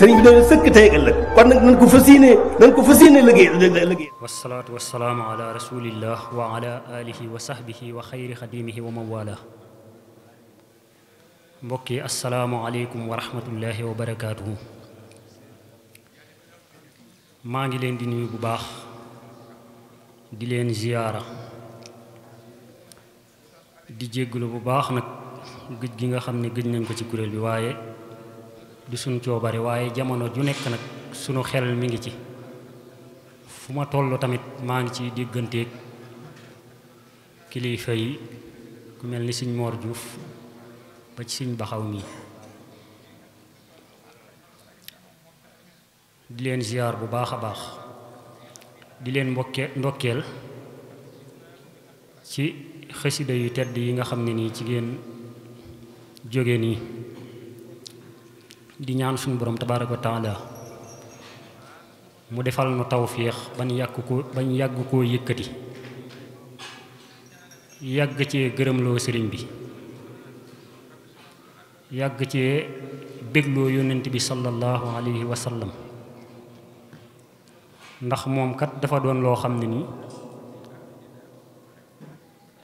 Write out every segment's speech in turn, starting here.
sëriñ bi dana sëkk tey ëllëg kon nag nañ ko fas yéene nañ ko fas yéene liggéey liggéey wa ala wa sahbihi wa wa mawala mbokk yi asalaamualeykum wa rahmatullahi wa barakaatuhu maa ngi leen di nuyu bu baax di leen ziyaara di jégglu bu baax nag gëj gi nga xam ne gëj nañ ko ci kuréel bi waaye du suñ coobare waaye jamono ju nekk nag suñu xel mi ngi ci fu ma toll tamit maa ngi ci digganteeg kilifa yi ku mel ni sëñ Moor Juuf ba ci sëñ Baxaw mii di leen ziar bu baax a baax di leen mbokke ndokkeel ci xasida yu tedd yi nga xam ne nii ci ngeen jóge nii di ñaan suñu borom tabaaraka wa taala mu defal nu tawféex ba ñu yàgg ko ba yàgg koo yëkkati yàgg cee gërëmloo sëriñ bi yàgg cee bégloo yónnent bi sallallahu alayhi wa ndax moom kat dafa doon loo xam ne nii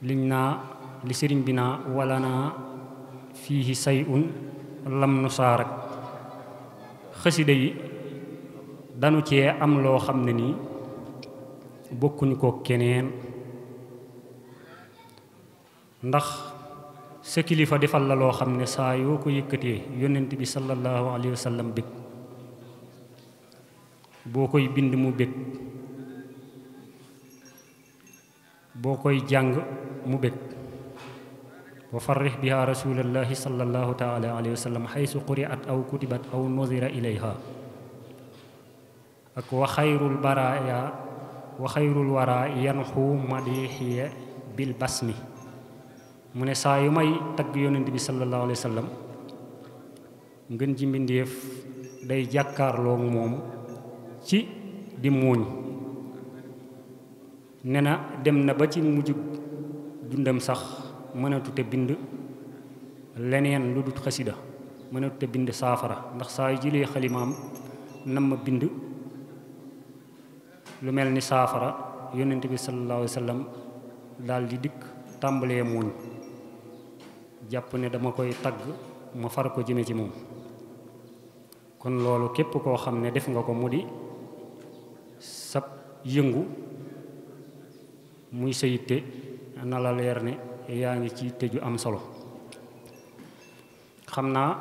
liñ naa li sëriñ bi naa walla naa fii say un lam nu xasida yi danu cee am loo xam ne nii bokkuñu ko keneen ndax sa kilifa defal la loo xam ne saa yoo ko yëkkatee yonent bi sallallahu alayhi wa sallam boo koy bind mu bég boo koy jàng mu bég wa farrix biha rasulallahi sallallahu taala alayhi aw kutibat aw nuzira ilayha ak wa xayrul baraya wa xayrul wara yanxu bil basmi mu ne saa yu may takk yonent bi sallallahu alayhi wa sallam day jàkkaarloo moom ci di muuñ ne dem na ba ci mujjug dundam sax mënatute bind leneen lu dut xasida mënatute bind saafara ndax saa yu jëlee xalimaam nam bind lu mel ni saafara yonent bi sallallahu alayhi wa dikk tàmbalee muuñ jàpp ne dama koy tagg ma far ko jëme ci moom kon loolu képp koo xam ne def nga ko mu di sab yëngu muy sa yitte na ne yaa ngi ci tëju am solo xam naa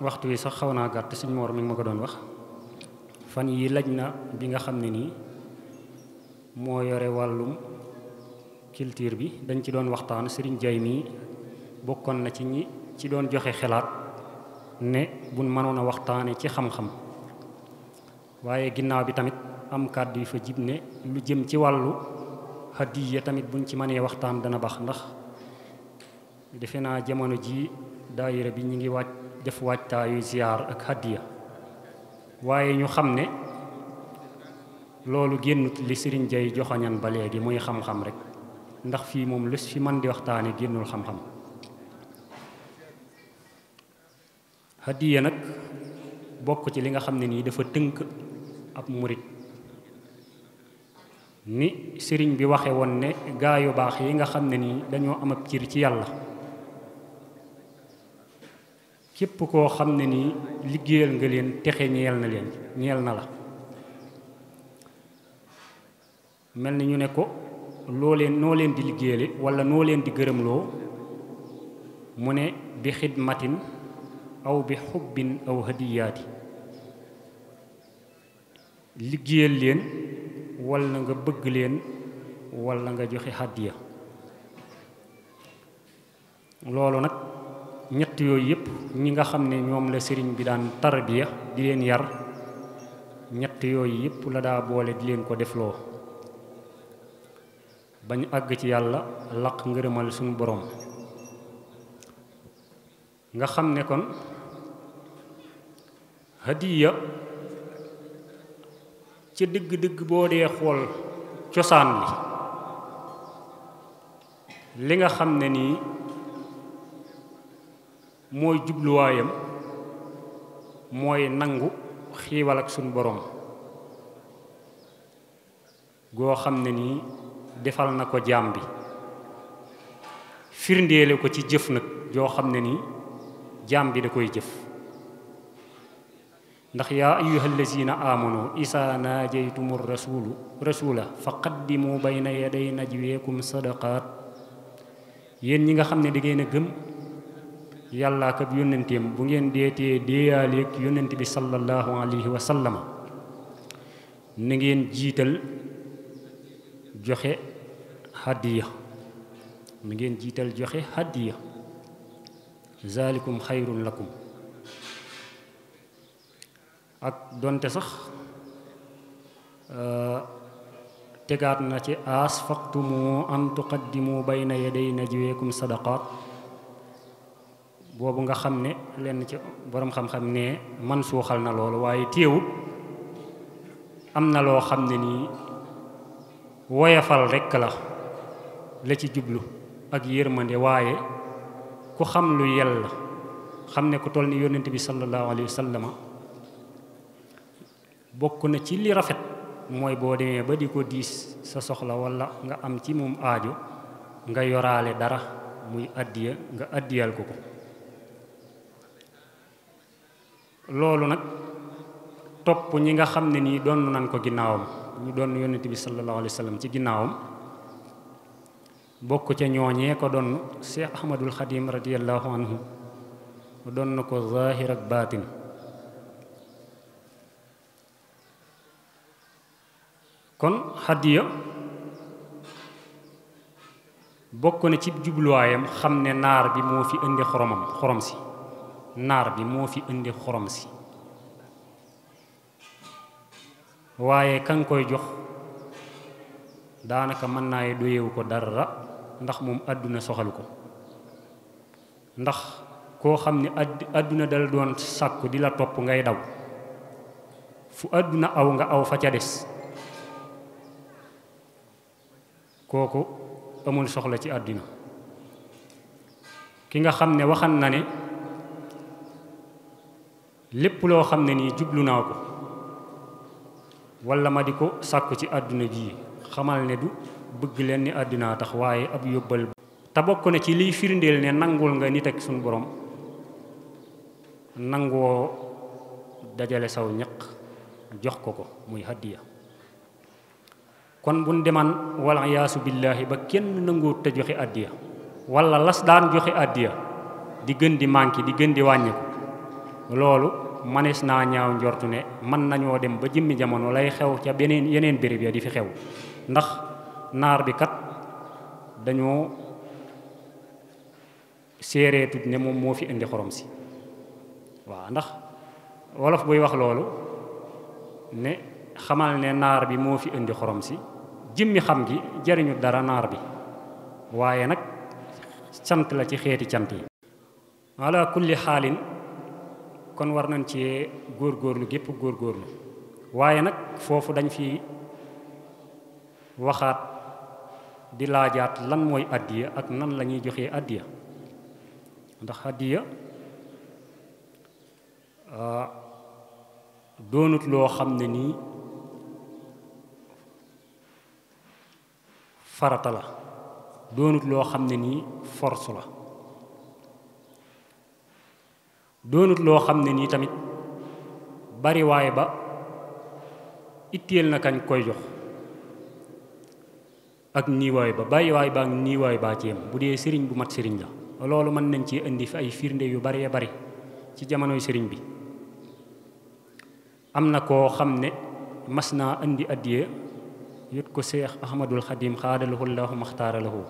waxtu wi sax xaw naa gàtt suñ moor mi ngi ma ko doon wax fan yi laj na bi nga xam ne nii moo yore wàllum culture bi dañ ci doon waxtaan Serigne jay mii bokkoon na ci ñi ci doon joxe xelaat ne buñ mënoon a waxtaane ci xam-xam waaye ginnaaw bi tamit am kàddu yu fa jib ne lu jëm ci wàllu hadiya tamit buñ ci mënee waxtaan dana baax ndax defe naa jamono ji daayira bi ñu ngi waaj def waajtaayu ziyaar ak hadiya waaye ñu xam ne loolu génnut li Serigne Jay joxoñan ba léegi muy xam-xam rek ndax fii moom lu fi man di waxtaane génnul xam-xam hadiya nag bokk ci li nga xam ne nii dafa tënk ab murit ni sëriñ bi waxe woon ne gaa yu baax yi nga xam ne nii dañoo am ab cir ci yàlla képp koo xam ne nii liggéeyal nga leen texe ñeel na leen ñeel na la mel na ñu ne ko looleen noo leen di liggéeyale wala noo leen di gërëmloo mu ne bi xidmatin aw bi xubbin aw hadiyaati liggéeyal leen wala nga bëgg leen walla nga joxe hadiya loolu nag ñett yooyu yëpp ñi nga xam ne ñoom la sëriñ bi daan tarbiya di leen yar ñett yooyu yëpp la daa boole di leen ko defloo ñu àgg ci yàlla laq ngërëmal suñu boroom nga xam ne kon hadiya ci digg digg boo dee xool cosaan li li nga xam ne nii mooy jubluwaayam mooy nangu xiiwal ak sunu boroom goo xam ne nii defal na ko jaam bi firndeele ko ci jëf nag joo xam ne nii jaam bi da koy jëf ndax yaa ayuha allazina amanu isa naajaytumu rasulu rasula fa qaddimu bayna yaday najweekum sadaqaat yéen ñi nga xam ne da ngeen gëm yàlla ak yónnenteem bu ngeen deetee deeyaaleeg yónnent bi sallallahu alayhi wa sallam na ngeen jiital joxe hadiya mu ngeen jiital joxe hadiya zalikum xayrun lakum ak donte sax euh, tegaat na ci aas faqtumu an tuqaddimu bayna yaday najweekum sadaqaat boobu nga xam ne lenn ci boroom xam-xam ne man suuxal na loolu waaye téewut am na loo xam ne nii woyafal rekk la la ci jublu ak yërmande waaye ku xam lu yàlla xam ne ku toll ni yónnent bi sallallahu alayhi wa bokk na ci li rafet mooy boo demee ba di ko diis sa soxla walla nga am ci moom aajo nga yoraale dara muy addiya nga addiyal ko ko loolu nag topp ñi nga xam ne nii doon nan ko ginnaawam ñu doon yonent bi sallallahu alayhi ci ginnaawam bokk ca ñooñee ko doon Cheikh Ahmadul Xadim radiyallahu anhu doon na ko zahir ak baatin kon xadiya bokk na ci jubluwaayam xam ne naar bi moo fi indi xoromam xorom si naar bi moo fi indi xorom si waaye kan koy jox daanaka mën naa doyewu ko dara ndax moom àdduna soxal ko ndax koo xam ne àdduna dal doon sàkku di la topp ngay daw fu àdduna aw nga aw fa ca des kooku amul soxla ci àdduna ki nga xam ne waxan na ne lépp loo xam ne nii jublu naa ko wala ma di ko sàkku ci àdduna ji xamal ne du bëgg leen ni àddinaa tax waaye ab yóbbal te bokk na ci liy firndeel ne nangul nga nit ak suñu borom nangoo dajale saw ñaq jox ko ko muy hadiya kon buñ deman wala yaasu billaahi ba kenn nanguut te joxe addiya walla las daan joxe addiya di gën di manqué di gën di wàññi loolu manees naa ñaaw njortu ne mën nañoo dem ba jëmmi jamono lay xew ca beneen yeneen béréb ya di fi xew ndax naar bi kat dañoo séeree tudd ne moom moo fi indi xorom si waaw ndax wolof buy wax loolu ne xamal ne naar bi moo fi indi xorom si jëmmi xam gi jariñu dara naar bi waaye nag cant la ci xeeti cant yi ala kulli xaalin kon war nañ ci góorlu gépp góor góorlu waaye nag foofu dañ fi waxaat di laajaat lan mooy addiya ak nan lañuy ñuy joxee addiya ndax addiya ah, doonut loo xam ne nii farata la doonut loo xam ne nii force la doonut loo xam ne nii tamit bariwaay waaye ba itteel na kañ koy jox ak niiwaay ba bàyyi waay ba ak niiwaay baa ci yem bu dee sëriñ bu mat sëriñ la loolu mën nañ ci indi ay firnde yu bari bari ci jamonoy sëriñ bi am na koo xam ne mas naa indi addiye yut ko seex ahmadul xadim xaadalahu llahu maxtaaralahu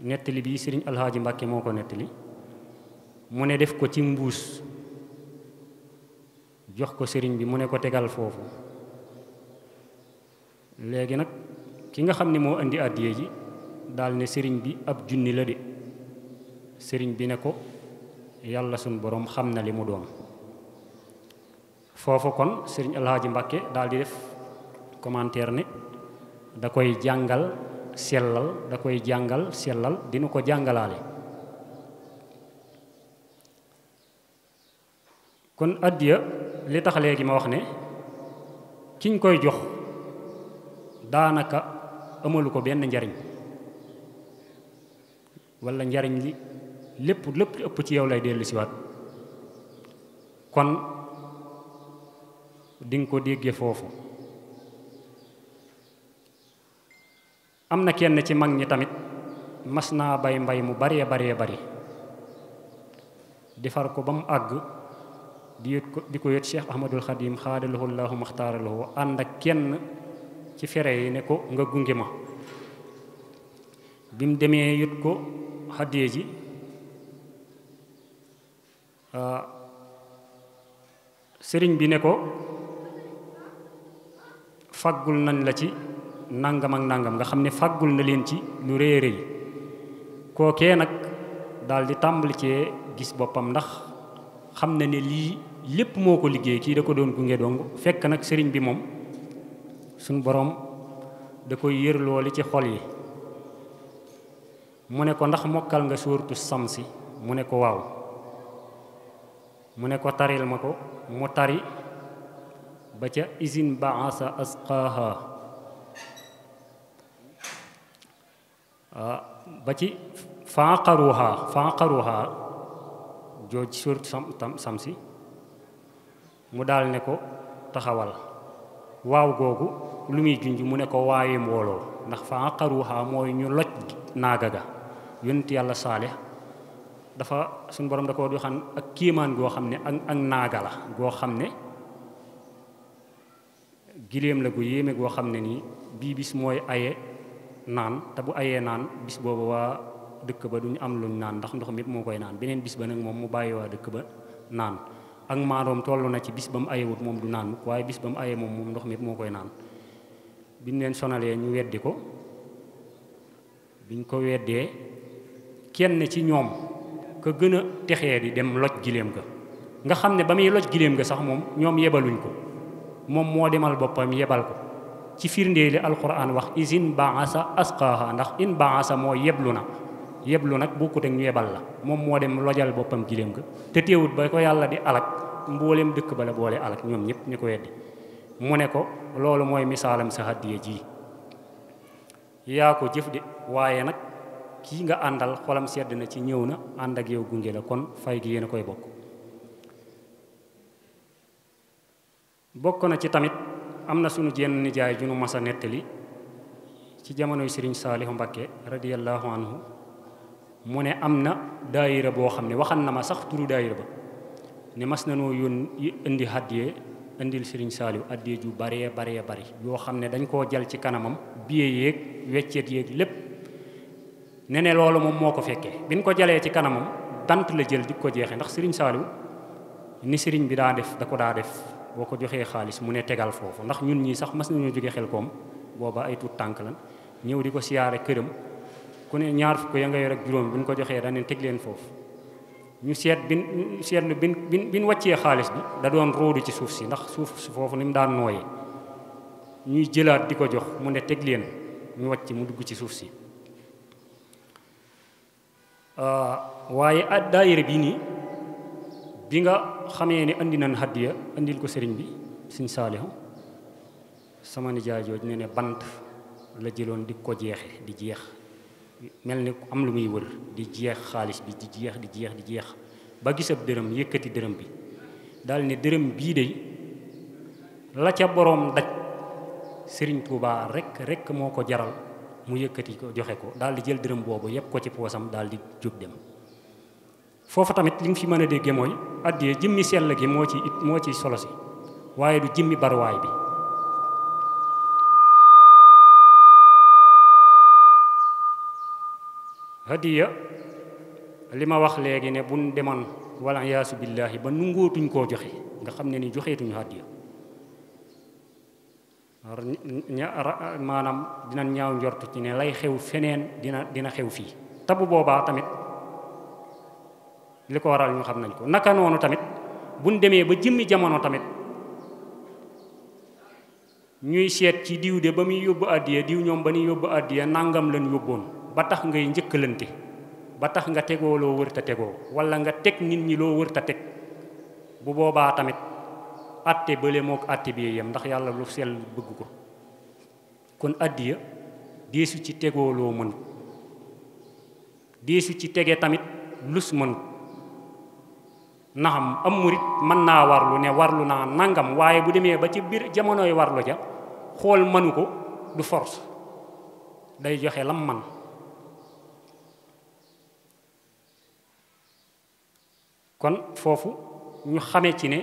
nettali bi sëriñ alxaaji mbàkke moo ko nettali mu ne def ko ci mbuus jox ko sëriñ bi mu ne ko tegal foofu léegi nag ki nga xam ni moo indi àddiye ji daal ne sëriñ bi ab junni la de sëriñ bi ne ko yàlla sun boroom xam na li mu doon foofu kon sëriñ alxaaji mbàkke daal di def commentaire ne da koy jàngal sellal da koy jàngal sellal dina ko jàngalaale kon addiya li tax léegi ma wax ne kiñ koy jox daanaka amalu ko benn njariñ wala njariñ li lépp lépp ëpp ci yow lay dellusiwaat kon di nga ko dégge foofu am na kenn ci mag ñi tamit mas naa bay mbay mu baree baree bari defar ko ba mu àgg di yët ko di ko yët Cheikh Ahmadul Xadim xaadalahu llahu maxtaaralahu ànd ak kenn ci fere yi ne ko nga gunge ma bi mu demee yët ko xaddee ji sëriñ bi ne ko faggul nañ la ci nangam ak nangam nga xam ne faggul na leen ci lu réy a réy kookee nag daldi tàmbali cee gis boppam ndax xam na ni lii lépp moo ko liggéey kii da ko doon gunge dong fekk nag sëriñ bi moom suñ boroom da koy yër loolu ci xol yi mu ne ko ndax mokkal nga suurtu samsi mu ne ko waaw mu ne ko taril ma ko mu tari ba ca isin baasa asqaaha ah, ba ci faaqaruha faaqaruha jooj surat sam tam samsi mu daal ne ko taxawal waaw googu lu muy junj mu ne ko waaye mbooloo ndax fa aqaruha mooy ñu loj naaga ga yonent yàlla saale dafa suñu borom da ko di xam ak kéemaan goo xam ne ak naaga la goo xam ne giléem la gu yéeme goo xam ne nii bii bis mooy aye naan te bu ayee naan bis boobu waa dëkk ba ñu am luñ naan ndax ndox mi moo koy naan beneen bis ba nag moom mu bàyyi waa dëkk ba naan ak maadoom toll na ci bis ba mu ayewut moom du naan waaye bis ba mu aye moom ndox mi moo koy naan leen sonalee ñu weddi ko biñ ko weddee kenn ci ñoom ka gën a texee di dem loj giléem nga xam ne ba muy ga sax moom ñoom yebaluñ ko moom moo demal boppam yebal ko ci firndeeli alquran wax is in baasa ndax in baasa moo yeblu na yeblu nag bokkut ak ñu yebal la moom moo dem lojal boppam giléem ga te teewut ba ko yàlla di alak mbooleem dëkk ba la boole alak ñoom ñëpp ñu ko weddi mu ne ko loolu mooy misaalam sa hàddiya ji yaa ko jëf de waaye nag kii nga àndal xolam sedd na ci ñëw na ànd ak yow gunge la kon fay gi yéen a koy bokk bokk na ci tamit am na sunu jenn nijaay ju nu mas nettali ci jamonoy Sëriñ Saalihu Mbakke radiyallahu anhu mu ne am na daayira boo xam ne waxan na ma sax turu daayira ba ne mas na noo yoon indi haddiyee indil Serigne Saliou addiyee ju baree baree bari yoo xam ne dañ koo jal ci kanamam biye yéeg weccet yéeg lépp ne ne loolu moom moo ko fekkee biñ ko jalee ci kanamam bant la jël di ko jeexee ndax Serigne Saliou ni sëriñ bi daa def da ko daa def boo ko joxee xaalis mu ne tegal foofu ndax ñun ñii sax mas nañoo jóge xel koom booba ay tuut tànk lan ñëw di ko siyaare këram ku ne ñaar fukk ya nga yor ak juróom bu ñu ko joxee dañ leen teg leen foofu ñu seet bin seetlu bin bin bin wàccee xaalis bi da doon róodu ci suuf si ndax suuf si foofu ni daan nooyee ñuy jëlaat di ko jox mu ne teg leen ñu wàcc mu dugg ci suuf si ah, waaye at daayira bii nii bi nga xamee ne indi nañ hadiya andil ko sëriñ bi sëñ Saalihu sama nijaay jooju ne ne bant la jëloon di ko jeexe di jeex mel ni am lu muy wër di jeex xaalis bi di jeex di jeex di jeex ba gisab dërëm yëkkati dërëm bi daal ne dërëm bii de la ca boroom daj Sëriñ Tuubaa rek rekk moo ko jaral mu yëkkati ko joxe ko daal jël dërëm boobu yépp ko ci poosam daal di jóg dem foofu tamit li nga fi mën a déggee mooy addiyee jëmmi sell gi moo ci it moo ci solo si waaye du jëmmi baruwaay bi hadiya li ma wax léegi ne buñ demoon wala yaasu billaahi ba nungootuñ koo joxe nga xam ne ni joxeetuñu hadiya maanaam dina ñaaw njortu ci ne lay xew feneen dina dina xew fii tabu boobaa tamit li ko waral ñu xam nañ ko naka noonu tamit buñ demee ba jëmmi jamono tamit ñuy seet ci diw de ba muy yóbbu àddiya diw ñoom ba ñuy yóbbu àddiya nangam lañ yóbboon ba tax ngay njëkkalante ba tax nga tegoo loo wër ta tegoo walla nga teg nit ñi loo wër ta teg bu boobaa tamit atte bële mook atte bi yem ndax yàlla lu sell bëgg ko kon addiya deesu ci tegoo loo mën deesu ci tege tamit lus mën naxam am mën naa warlu ne warlu naa nangam waaye bu demee ba ci biir jamonoy warlu ja xool mënu ko du force day joxe lam man kon foofu ñu xame ci ne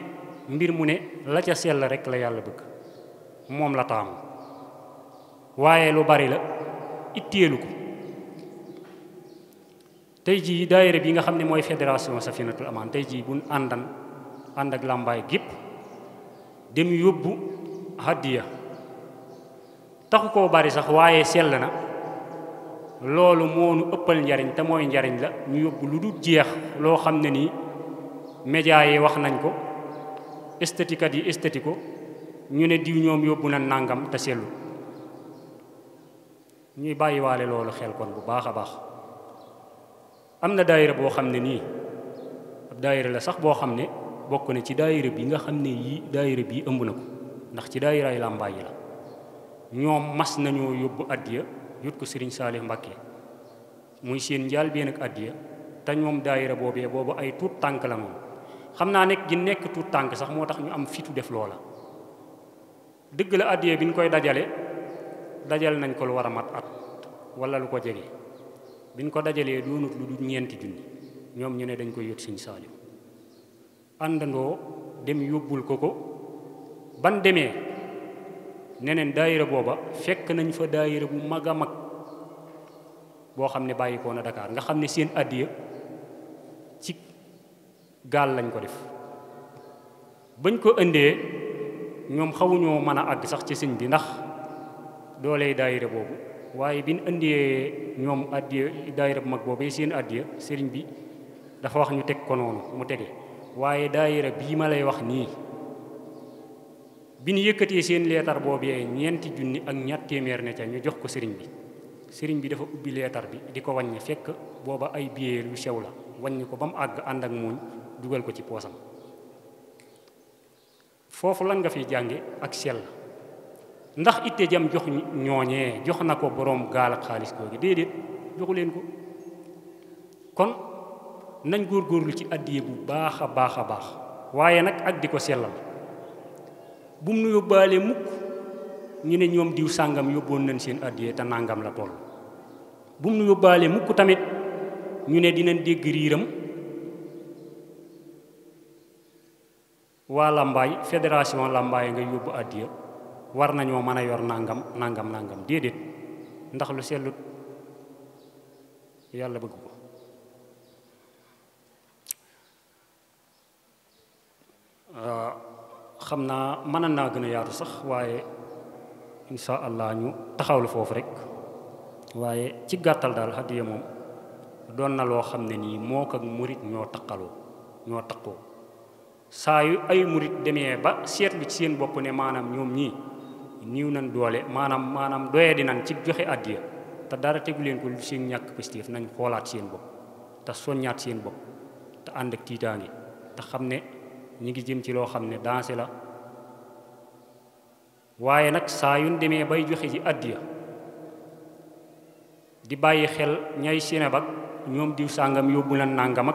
mbir mu ne la ca sell rek la yàlla bëgg moom la taamu waaye lu bari la itteelu ko tey jii daayira bi nga xam ne mooy fédération Safinatul Amaan tey jii bu àndan ànd ak làmbaay gépp dem yóbbu hadiya taxu ko bari sax waaye sell na loolu moo nu ëppal njariñ te mooy njariñ la ñu yóbbu lu dul jeex loo xam ne nii média yi wax nañ ko esthétique yi esthétique ko ñu ne diw ñoom yóbbu na nàngam te sellu ñuy bàyyiwaale loolu xel kon bu baax a baax am na daayira boo xam ne nii ab daayira la sax boo xam ne bokk na ci daayira bi nga xam ne yii daayira bii ëmb na ko ndax ci daayiraay làmbaay yi la ñoom mas nañoo yóbbu addiya yut ko Serigne Salih Mbacké muy seen njaal benn ak addiya te ñoom daayira boobee boobu ay tuut tànk la xam naa nekk gi nekk tuut tànk sax moo tax ñu am fitu def loola dëgg la addiye bi ñu koy dajale dajal nañ ko lu war a mat at wala lu ko jege biñ ko dajalee doonut lu du ñeenti junni ñoom ñu ne dañ koy yot yót sëñ Saaliw àndandoo dem yóbbul ko ko ban demee neneen daayira booba fekk nañu fa daayira bu mag a mag boo xam ne bàyyi ko na Dakar nga xam ne seen addiya gaal lañ ko def bañ ko indee ñoom xawuñoo mën a àgg sax ci sëñ bi ndax dooley daayira boobu waaye biñ indee ñoom addiya daayira bu mag boobu seen addiya sëriñ bi dafa wax ñu teg ko noonu mu tege waaye daayira bii ma lay wax nii bi ñu yëkkatee seen leetar boobee ñeenti junni ak ñatt téeméer ne ca ñu jox ko sëriñ bi sëriñ bi dafa ubbi leetar bi di ko wàññi fekk booba ay billet yu sew la wàññi ko ba àgg ànd ak muuñ dugal ko ci poosam foofu lan nga fi jànge ak sell ndax itte jam jox ñooñee jox na ko boroom gaal ak xaalis googu déedéet joxu leen ko kon nañ góor góorlu ci addiye bu baax a baax a baax waaye nag ak di ko sellal bu mu nu yóbbaale mukk ñu ne ñoom diw sàngam yóbboon nañ seen addiye te nàngam la tool bu nu yóbbaale mukk tamit ñu ne dinañ dégg riiram waa Lambaay fédération Lambaay nga yóbbu addiya war nañoo mën a yor nangam nangam nangam déedéet ndax lu sellut yàlla bëgg ko ah, xam naa mën naa gën a yaatu sax waaye insha allah ñu taxawlu foofu rekk waaye ci gàttal daal addiya moom doon na loo xam ne nii moo ko murit ñoo taqaloo ñoo taqoo saa yu ay murit demee ba seet bi ci seen bopp ne maanaam ñoom ñii niiw nañ doole maanaam maanaam doyadi nañ ci joxe addiya te dara tegu leen ko lu seen ñàkk positif nañ xoolaat seen bopp te soññaat seen bopp te ànd ak tiitaange te xam ne ñi ngi jëm ci loo xam ne dansé la waaye nag saa yuñ demee bay joxe ci addiya di bàyyi xel ñay sinebak ñoom diw sàngam yóbbu na nàngam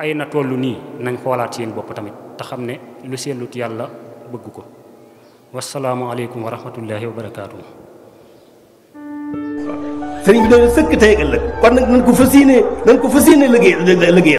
ay na tollu nii nañ xoolaat seen bopp tamit te xam ne lu sellut yàlla bëgg ko wasalaamualeykum wa rahmatullahi wa barakaatu. sëriñ bi de sëkk tey ëllëg kon nag nañ ko fas yéene ko fas yéene liggéey liggéey